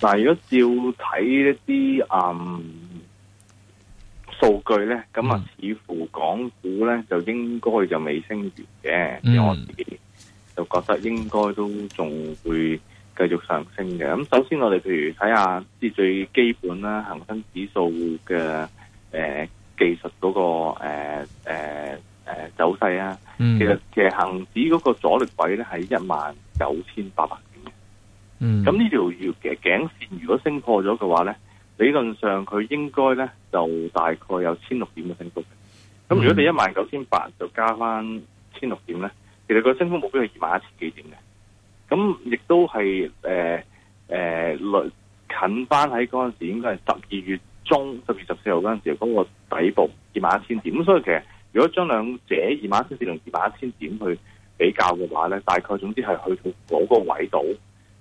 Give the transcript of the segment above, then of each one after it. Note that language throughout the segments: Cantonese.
但如果照睇一啲嗯，數據咧，咁啊、嗯，似乎港股咧就應該就未升完嘅、嗯，我自己就覺得應該都仲會繼續上升嘅。咁首先我哋譬如睇下啲最基本啦，恒生指數嘅誒技術嗰個誒誒誒走勢啊、嗯，其實其實恒指嗰個阻力位咧係一萬九千八百嗯，咁呢條嘅頸線如果升破咗嘅話咧，理論上佢應該咧就大概有千六點嘅升幅嘅。咁如果你一萬九千八就加翻千六點咧，其實個升幅目標係二萬一千幾點嘅。咁亦都係誒誒近翻喺嗰陣時，應該係十二月中十二十四號嗰陣時嗰、嗰個底部二萬一千點。咁所以其實如果將兩者二萬一千四同二萬一千點去比較嘅話咧，大概總之係去到嗰個位度。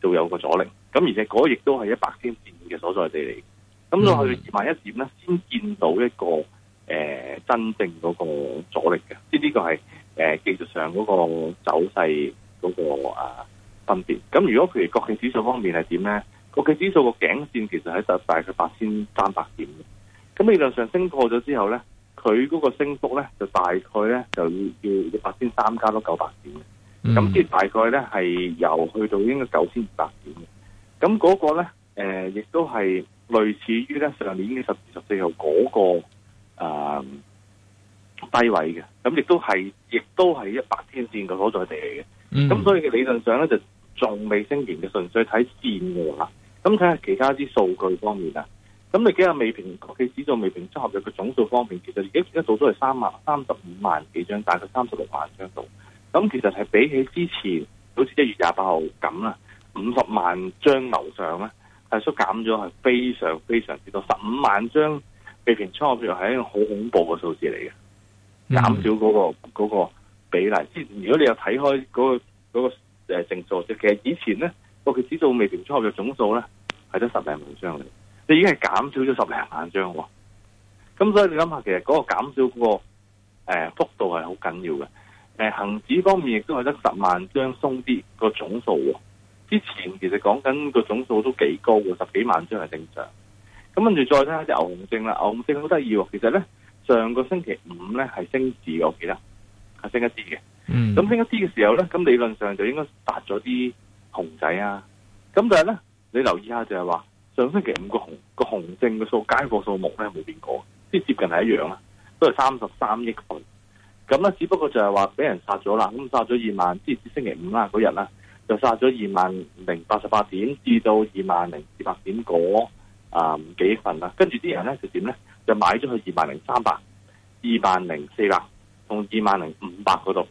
會有個阻力，咁而且嗰亦都係一百天線嘅所在地嚟，咁就去二萬一點咧，先見到一個誒、呃、真正嗰個阻力嘅。即係呢個係誒、呃、技術上嗰個走勢嗰、嗰個啊分別。咁如果譬如國企指數方面係點咧？國企指數個頸線其實喺度大概八千三百點嘅，咁理論上升破咗之後咧，佢嗰個升幅咧就大概咧就要要八千三加多九百點咁即係大概咧，係由去到應該九千五百點嘅。咁、那、嗰個咧，誒、呃、亦都係類似於咧上年嘅十、那個、十、呃、十四號嗰個低位嘅。咁亦都係，亦都係一百天線嘅所在地嚟嘅。咁、嗯、所以理論上咧，就仲未升完嘅，純粹睇線嘅啦。咁睇下其他啲數據方面啊。咁你今日未平，個期指仲未平，合約嘅佢總數方面，其實而家而家做咗係三萬三十五萬幾張，大概三十六萬張度。咁其實係比起之前，好似一月廿八號咁啦，五十萬張樓上咧係縮減咗，係非常非常之多，十五萬張未平倉合約係一個好恐怖嘅數字嚟嘅，減少嗰、嗰個嗰個比例。即如果你有睇開嗰個嗰、嗰個誒、嗰個呃、成數，即其實以前咧個個指數未平倉合約總數咧係得十零萬張嚟，你已經係減少咗十零萬張喎。咁所以你諗下，其實嗰個減少嗰、嗰個、呃、幅度係好緊要嘅。誒，恒指方面亦都係得十萬張鬆啲個總數。之前其實講緊個總數都幾高喎，十幾萬張係正常。咁跟住再睇下隻牛熊證啦，牛熊證好得意。其實咧，上個星期五咧係升字，我記得係升一啲嘅。咁升一啲嘅時候咧，咁理論上就應該達咗啲熊仔啊。咁但係咧，你留意下就係話，上星期五個熊個熊證嘅數，街貨數目咧冇變過，即係接近係一樣啦，都係三十三億咁咧，只不過就係話俾人殺咗啦，咁殺咗二萬，即係至星期五啦嗰日啦，就殺咗二萬零八十八點至到二萬零二百點嗰、那、啊、個嗯、幾份啦，跟住啲人咧就點咧，就買咗去二萬零三百、二萬零四百，同二萬零五百嗰度，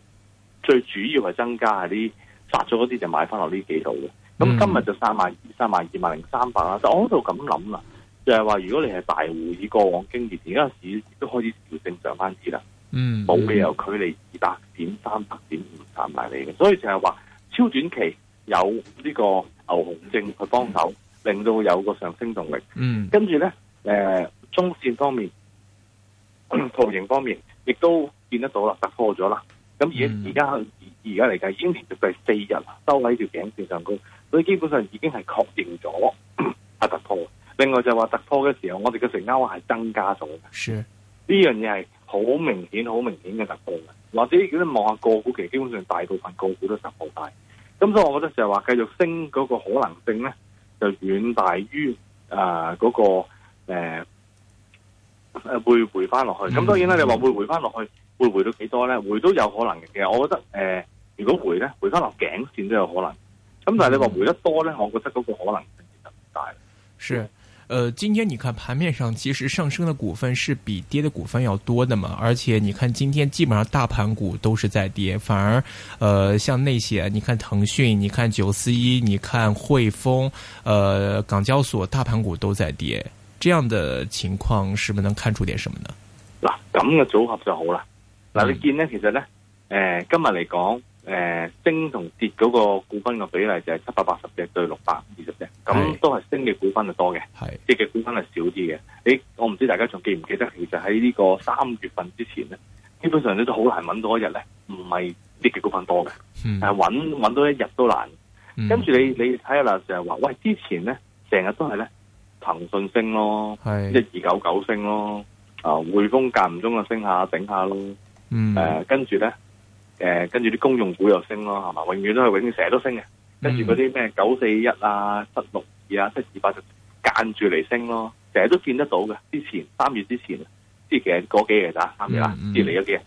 最主要係增加喺啲殺咗嗰啲就買翻落呢幾度嘅，咁、嗯、今日就三萬二、三萬二萬零三百啦。就我喺度咁諗啦，就係、是、話如果你係大戶，以過往經驗，而家市都開始調整上翻啲啦。嗯，冇理由距離二百點、三百點唔站埋嚟嘅，所以就係話超短期有呢個牛熊證去幫手，嗯、令到有個上升動力。嗯，跟住咧，誒、呃，中綫方面，圖 形方面亦都見得到啦，突破咗啦。咁而而家而家嚟計已經連續第四日收喺條頸綫上高，所以基本上已經係確認咗 突破。另外就話突破嘅時候，我哋嘅成交係增加咗嘅。是呢樣嘢係。好明顯、好明顯嘅突破嘅，或者如果你望下個股期，基本上大部分個股都突破曬。咁所以我覺得就係話繼續升嗰個可能性咧，就遠大於啊嗰個誒誒會回翻落去。咁當然啦，你話會回翻落去，會回，回到幾多咧？回都有可能嘅。其實我覺得誒、呃，如果回咧，回翻落頸線都有可能。咁但係你話回得多咧，我覺得嗰個可能性其實唔大。係。呃，今天你看盤面上，其實上升的股份是比跌的股份要多的嘛。而且你看今天基本上大盤股都是在跌，反而，呃，像內險，你看騰訊，你看九四一，你看匯豐，呃，港交所大盤股都在跌，這樣的情況是不是能看出點什麼呢？嗱，咁嘅組合就好啦。嗱、呃，你見呢，其實呢，誒、呃，今日嚟講。誒、呃、升同跌嗰個股份嘅比例就係七百八十隻對六百二十隻，咁都係升嘅股份就多嘅，係跌嘅股份係少啲嘅。誒，我唔知大家仲記唔記得，其實喺呢個三月份之前咧，基本上你都好難揾到一日咧，唔係跌嘅股份多嘅、嗯，但係揾揾到一日都難、嗯。跟住你你睇下啦，成日話，喂，之前咧成日都係咧騰訊升咯，一二九九升咯，啊、呃，匯豐間唔中啊升下整下咯，誒、嗯呃，跟住咧。誒、呃，跟住啲公用股又升咯，係嘛，永遠都係永遠，成日都升嘅。跟住嗰啲咩九四一啊、七六二啊、七二八就間住嚟升咯，成日都見得到嘅。之前三月之前，之前嗰幾日咋三月啦，跌嚟嗰幾日。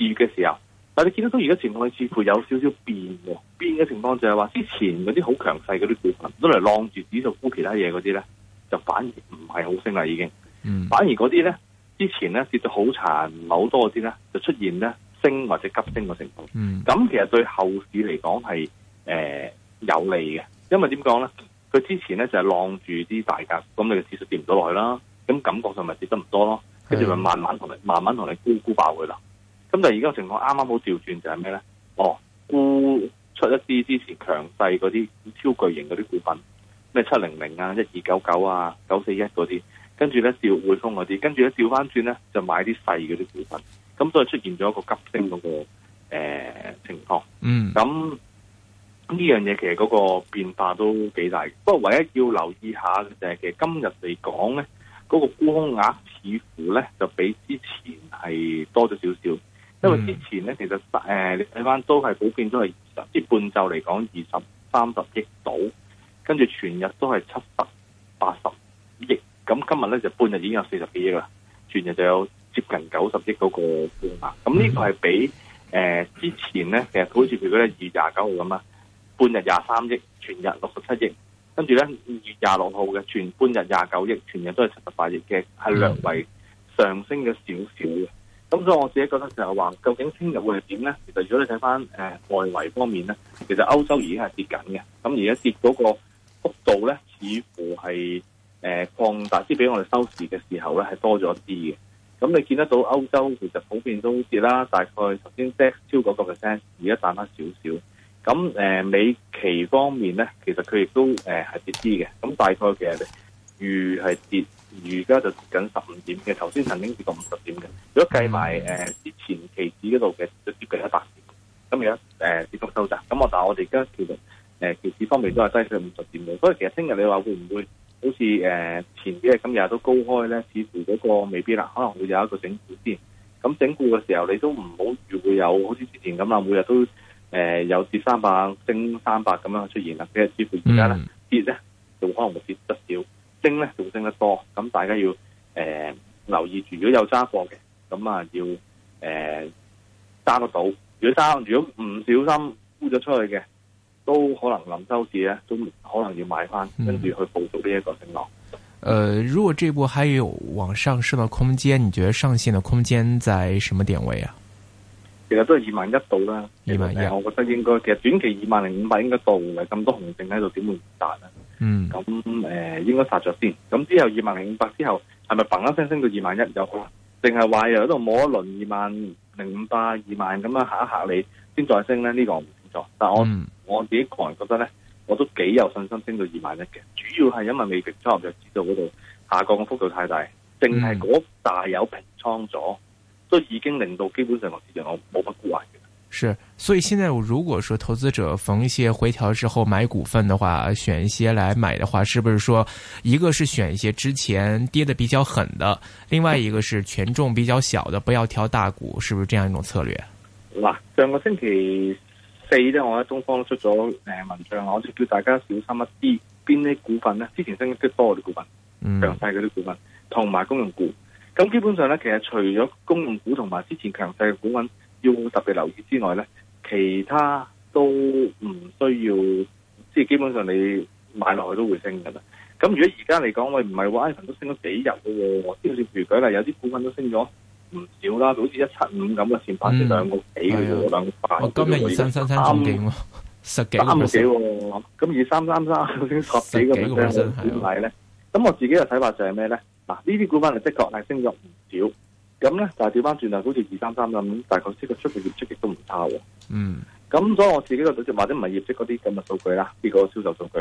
二月嘅時候，但係你見得到而家情況，似乎有少少變嘅。變嘅情況就係話，之前嗰啲好強勢嗰啲股份，都嚟浪住指數沽其他嘢嗰啲咧，就反而唔係好升啦，已經。嗯、反而嗰啲咧，之前咧跌到好殘，唔係好多嗰啲咧，就出現咧。升或者急升個情況，咁、嗯、其實對後市嚟講係誒有利嘅，因為點講咧？佢之前咧就係晾住啲大格，咁你嘅指數跌唔到落去啦，咁感覺上咪跌得唔多咯，跟住咪慢慢同你慢慢同你沽沽爆佢啦。咁但係而家個情況啱啱好調轉就係咩咧？哦，沽出一啲之前強勢嗰啲超巨型嗰啲股份，咩七零零啊、一二九九啊、九四一嗰啲，跟住咧調匯豐嗰啲，跟住咧調返轉咧就買啲細嗰啲股份。咁都係出現咗一個急升嗰個情況。嗯、mm.，咁呢樣嘢其實嗰個變化都幾大。不過唯一要留意下嘅就係，其實今日嚟講咧，嗰、那個沽空額似乎咧就比之前係多咗少少。因為之前咧其實誒你睇翻都係普遍都係二十，半晝嚟講二十三十億到，跟住全日都係七十八十億。咁今日咧就半日已經有四十幾億啦，全日就有。接近九十億嗰個半額，咁呢個係比誒、呃、之前咧，其實好似譬如嗰啲二廿九號咁啦，半日廿三億，全日六十七億，跟住咧二月廿六號嘅全半日廿九億，全日都係七十八億嘅，係略為上升咗少少嘅。咁所以我自己覺得就係話，究竟聽日會係點咧？其實如果你睇翻誒外圍方面咧，其實歐洲已經係跌緊嘅，咁而家跌嗰個幅度咧，似乎係誒、呃、擴大，即係比我哋收市嘅時候咧係多咗啲嘅。咁你見得到歐洲其實普遍都跌啦，大概頭先跌超過、那個 percent，而家淡翻少少。咁誒美期方面咧，其實佢亦都誒係跌啲嘅。咁大概其實預係跌，而家就跌緊十五點嘅。頭先曾經跌過五十點嘅，如果計埋誒之前期指嗰度嘅，就接近一百點。咁家誒跌幅收窄。咁我話我哋而家其做誒期指方面都係低咗五十點嘅。所以其實聽日你話會唔會？好似誒、呃、前幾日今日都高開咧，似乎嗰個未必啦，可能會有一個整固先。咁整固嘅時候，你都唔好預會有好似之前咁啦，每日都誒有跌三百、升三百咁樣出現啦。即係似乎而家咧跌咧就可能跌得少，升咧仲升得多。咁大家要誒留意住，如果有揸貨嘅，咁、呃嗯呃、啊要誒揸、呃、得到。如果揸，如果唔小心沽咗出去嘅。都可能臨收市咧、啊，都可能要買翻，跟住去抱住呢一個升浪。誒、嗯呃，如果這部還有往上升的空間，你覺得上限嘅空間在什麼點位啊？其實都係二萬一度啦，二萬一，我覺得應該，其實短期二萬零五百應該到嘅，咁多紅證喺度，點會唔殺咧？嗯，咁、嗯、誒、嗯，應該殺咗先，咁之後二萬零五百之後，係咪嘭一聲升到二萬一就好啦？定係話又喺度摸一輪二萬零五百、二萬咁樣吓一吓你，先再升咧？呢、這個？但我、嗯、我自己個人覺得咧，我都幾有信心升到二萬一嘅。主要係因為未平倉就知道嗰度下降嘅幅度太大，淨係嗰大有平倉咗、嗯，都已經令到基本上個市場冇乜沽壞嘅。是，所以現在我如果說投資者逢些回調之後買股份的話，選一些來買的話，是不是說一個是選一些之前跌得比較狠的，另外一個是權重比較小的，不要挑大股，是不是這樣一種策略？嗱，上個星期。四咧，我喺東方出咗誒、呃、文章，我就叫大家小心一啲邊啲股份咧，之前升得最多嗰啲股份，強勢嗰啲股份，同埋公用股。咁基本上咧，其實除咗公用股同埋之前強勢嘅股份要特別留意之外咧，其他都唔需要，即係基本上你買落去都會升㗎啦。咁如果而家嚟講，喂唔係話，iPhone 都升咗幾日喎、哦，即係譬如佢啦，有啲股份都升咗唔少啦，好似一七五咁嘅線，拍咗兩個幾嘅、喔嗯哎、個兩塊、喔哎。我今日二三三三點喎，十幾，個百十幾個百、啊，三幾咁二三三三先十幾個 percent 點解咧？咁、啊、我自己嘅睇法就係咩咧？嗱、啊，呢啲股份係的確係升咗唔少，咁咧但係調翻轉頭，好似二三三咁，大概即係出嘅業績亦都唔差喎、啊。嗯，咁所以我自己嘅睇法，或者唔係業績嗰啲咁嘅數據啦，呢、那個銷售數據，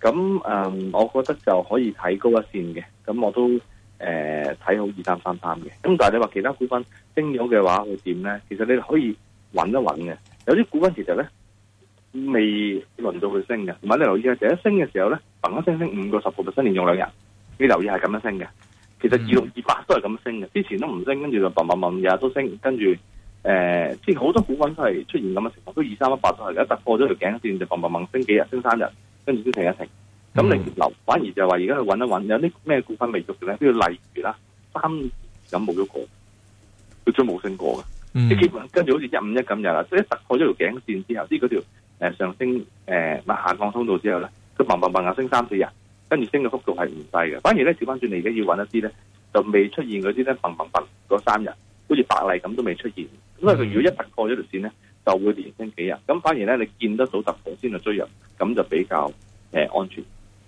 咁誒、嗯，我覺得就可以睇高一線嘅，咁我都。誒、呃，睇好二三三三嘅，咁但係你話其他股份升咗嘅話會點咧？其實你可以穩一穩嘅，有啲股份其實咧未輪到佢升嘅。唔係你留意下，第一升嘅時候咧，嘭一聲升五個十號就新年用兩日，你留意係咁樣升嘅。其實二六二八都係咁樣升嘅，之前都唔升，跟住就嘭嘭嘭，日日都升，跟住誒，即係好多股份都係出現咁嘅情況，都二三一八都係而家突破咗條頸線，就嘭嘭嘭升幾日，升三日，跟住先停一停。咁你留反而就係話而家去揾一揾有啲咩股份未做嘅咧？都要例如啦，三咁冇咗股，佢都冇升過嘅，即係跟住好似一五一咁入啦。即係一突破咗條頸線之後，呢嗰條誒上升誒下、呃、下降通道之後咧，佢嘭嘭嘭升三四日，跟住升嘅幅度係唔細嘅。反而咧小翻轉嚟，而家要揾一啲咧就未出現嗰啲咧，嘭嘭嘭嗰三日，好似白麗咁都未出現。咁啊，佢如果一突破咗條線咧，就會連升幾日。咁反而咧，你見得到突破先去追入，咁就比較誒、呃、安全。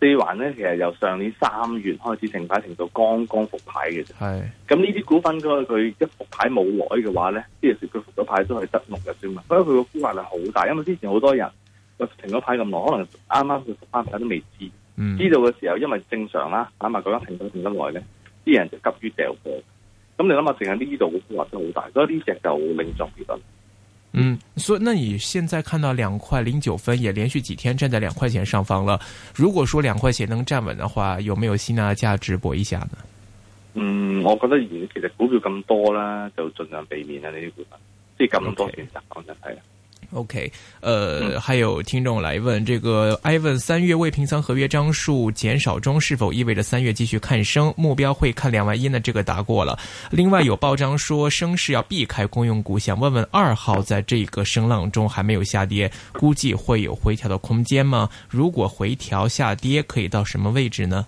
四環咧，其實由上年三月開始停牌，停到剛剛復牌嘅啫。係，咁呢啲股份，因佢一復牌冇耐嘅話咧，啲嘢事佢復咗牌都係得六日啫嘛。所以佢個沽壓係好大，因為之前好多人佢停咗牌咁耐，可能啱啱佢翻牌都未知，嗯、知道嘅時候，因為正常啦，啱啱得停咗停咁耐咧，啲人就急於掉貨。咁你諗下，成日呢度沽壓都好大，所以呢隻就另作別論。嗯，所以那你現在看到兩塊零九分也連續幾天站在兩塊錢上方了。如果說兩塊錢能站穩的話，有沒有吸納價值搏一下呢？嗯，我覺得其實股票咁多啦，就盡量避免啦呢啲股份，即係咁多選擇，講真係。OK，呃，還有聽眾來問這個，Ivan 三月未平倉合約張數減少中是否意味着三月繼續看升，目標會看兩萬一呢？這個答過了。另外有報章說升勢要避開公用股，想問問二號在這個升浪中還沒有下跌，估計會有回調的空間嗎？如果回調下跌，可以到什麼位置呢？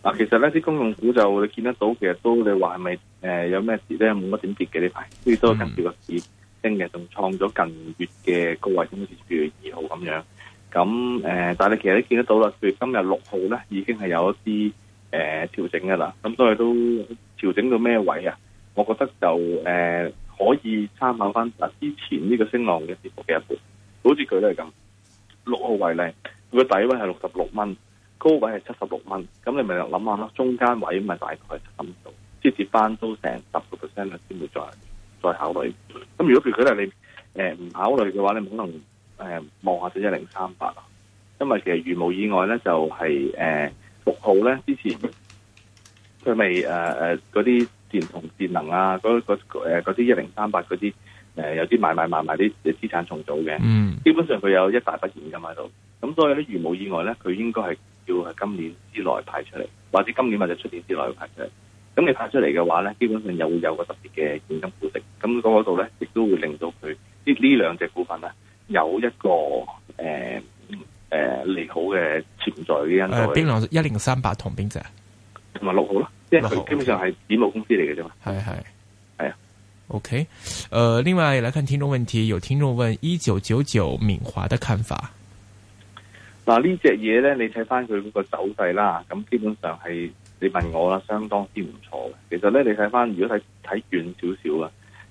啊，其實呢，啲公用股就你見得到其實都，你話係咪誒有咩事咧？冇乜點跌嘅呢排，最多跟住個市。所以都升嘅，仲創咗近月嘅高位，好似二月二號咁樣。咁誒、呃，但係其實都見得到啦，譬如今日六號咧，已經係有一啲誒調整噶啦。咁所以都調整到咩位啊？我覺得就誒、呃、可以參考翻、啊、之前這個升呢個升浪嘅跌幅嘅一半，好似佢都係咁。六號位咧，佢嘅底位係六十六蚊，高位係七十六蚊。咁你咪諗下啦，中間位咪大概咁度，跌跌翻都成十個 percent 先會再來。再考慮，咁如果佢佢係你，誒、呃、唔考慮嘅話你可能誒望下啲一零三八啊，呃、看看1038，因為其實如無意外咧，就係誒六號咧之前，佢咪誒誒嗰啲電同電能啊，嗰啲一零三八嗰啲誒有啲賣賣賣賣啲資產重組嘅，嗯、mm.，基本上佢有一大筆現金喺度，咁所以咧如無意外咧，佢應該係要喺今年之內排出嚟，或者今年或者出年之內要排出嚟。咁你派出嚟嘅話咧，基本上又會有個特別嘅現金股息。咁嗰度咧，亦都會令到佢即呢兩隻股份咧有一個誒誒、呃呃、利好嘅存在嘅、呃、因素。邊一零三八同邊隻？同埋六號咯，即係佢基本上係紙貿公司嚟嘅啫嘛。係係係。OK，誒、okay. 呃，另外嚟看聽眾問題，有聽眾問一九九九敏華的看法。嗱、呃這個、呢隻嘢咧，你睇翻佢嗰個走勢啦，咁基本上係。你問我啦，相當之唔錯嘅。其實咧，你睇翻，如果睇睇遠少少啊，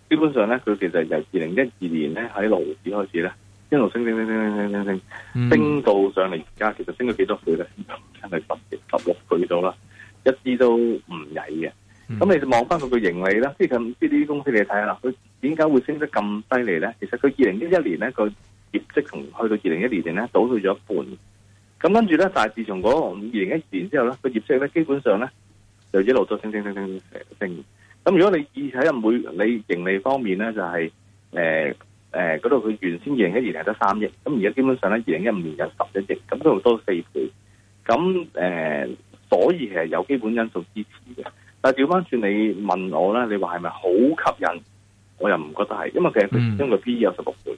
基本上咧，佢其實由二零一二年咧喺六毫紙開始咧、就是，一路、嗯、升升升升升升升升升，升到上嚟而家，其實升咗幾多倍咧？差唔多十十六倍到啦，一啲都唔曳嘅。咁你就望翻佢嘅盈利啦，即係咁，呢啲公司你睇下啦，佢點解會升得咁犀利咧？其實佢二零一一年咧個業績同去到二零一年年二零一二年咧倒退咗一半。咁跟住咧，但係自從嗰個二零一二年之後咧，佢業績咧基本上咧就一路都升升升升升升。咁如果你以睇入每你盈利方面咧，就係誒誒嗰度佢原先二零一二年係得三億，咁而家基本上咧二零一五年有十一億，咁都多四倍。咁誒、呃，所以其實有基本因素支持嘅。但係調翻轉你問我咧，你話係咪好吸引？我又唔覺得係，因為其實佢因為 P E 有十六倍。嗯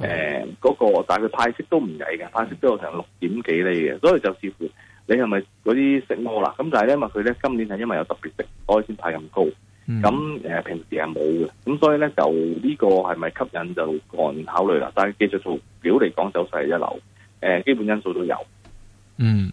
誒嗰、 呃那個但係佢派息都唔矮嘅，派息都有成六點幾厘嘅，所以就似乎你係咪嗰啲食蝸啦？咁但係因為佢咧今年係因為有特別息，所以先派咁高。咁誒、呃、平時係冇嘅，咁所以咧就呢個係咪吸引就個人考慮啦。但係技術圖表嚟講，走勢係一流，誒、呃、基本因素都有。嗯。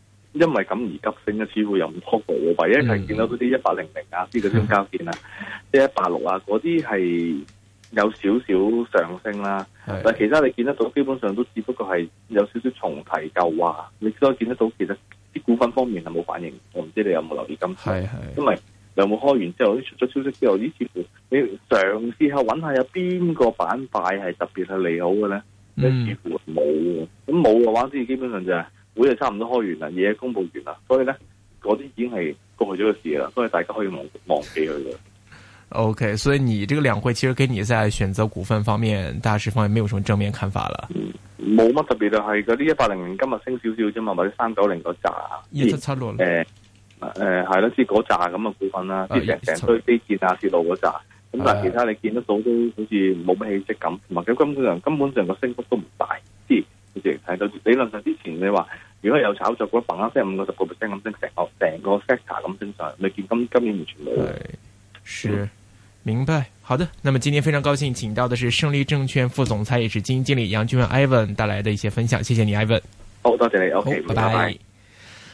因為咁而急升似乎又唔靠譜。唯一係見到嗰啲一百零零啊，呢個成交線啊，即係一百六啊，嗰啲係有少少上升啦。但係其他你見得到，基本上都只不過係有少少重提舊話。你都見得到，其實啲股份方面係冇反應。我唔知你有冇留意咁？係係，因為兩會開完之後，啲出咗消息之後，呢似乎你嘗試下揾下有邊個板塊係特別去利好嘅咧？嗯，似乎冇。咁冇嘅話，即係基本上就係、是。會就差唔多開完啦，嘢公布完啦，所以咧嗰啲已經係過去咗嘅事啦，所以大家可以忘忘記佢啦。O、okay, K，所以你呢個兩會其實跟你在選擇股份方面，大市方面沒有什麼正面看法啦。冇、嗯、乜特別就係嘅，呢一八零零今日升少少啫嘛，或者三九零嗰扎一七七六零，誒誒係咯，即係嗰扎咁嘅股份啦，啲成成堆基建啊鐵路、啊、到嗰扎，咁但係其他你見得到都好似冇乜氣息咁，同埋佢根本上根本上個升幅都唔大。嚟睇到理論上之前你話，如果有炒作過，嘣一聲五個十個 percent 咁升，成個成個 sector 咁升上，你見今今年完全冇。是,明白,是明白，好的。那麼今天非常高興請到的是勝利證券副總裁，也是基金經理楊俊文 Ivan 帶來的一些分享。謝謝你 Ivan。好，多謝,謝你。OK，拜拜。拜拜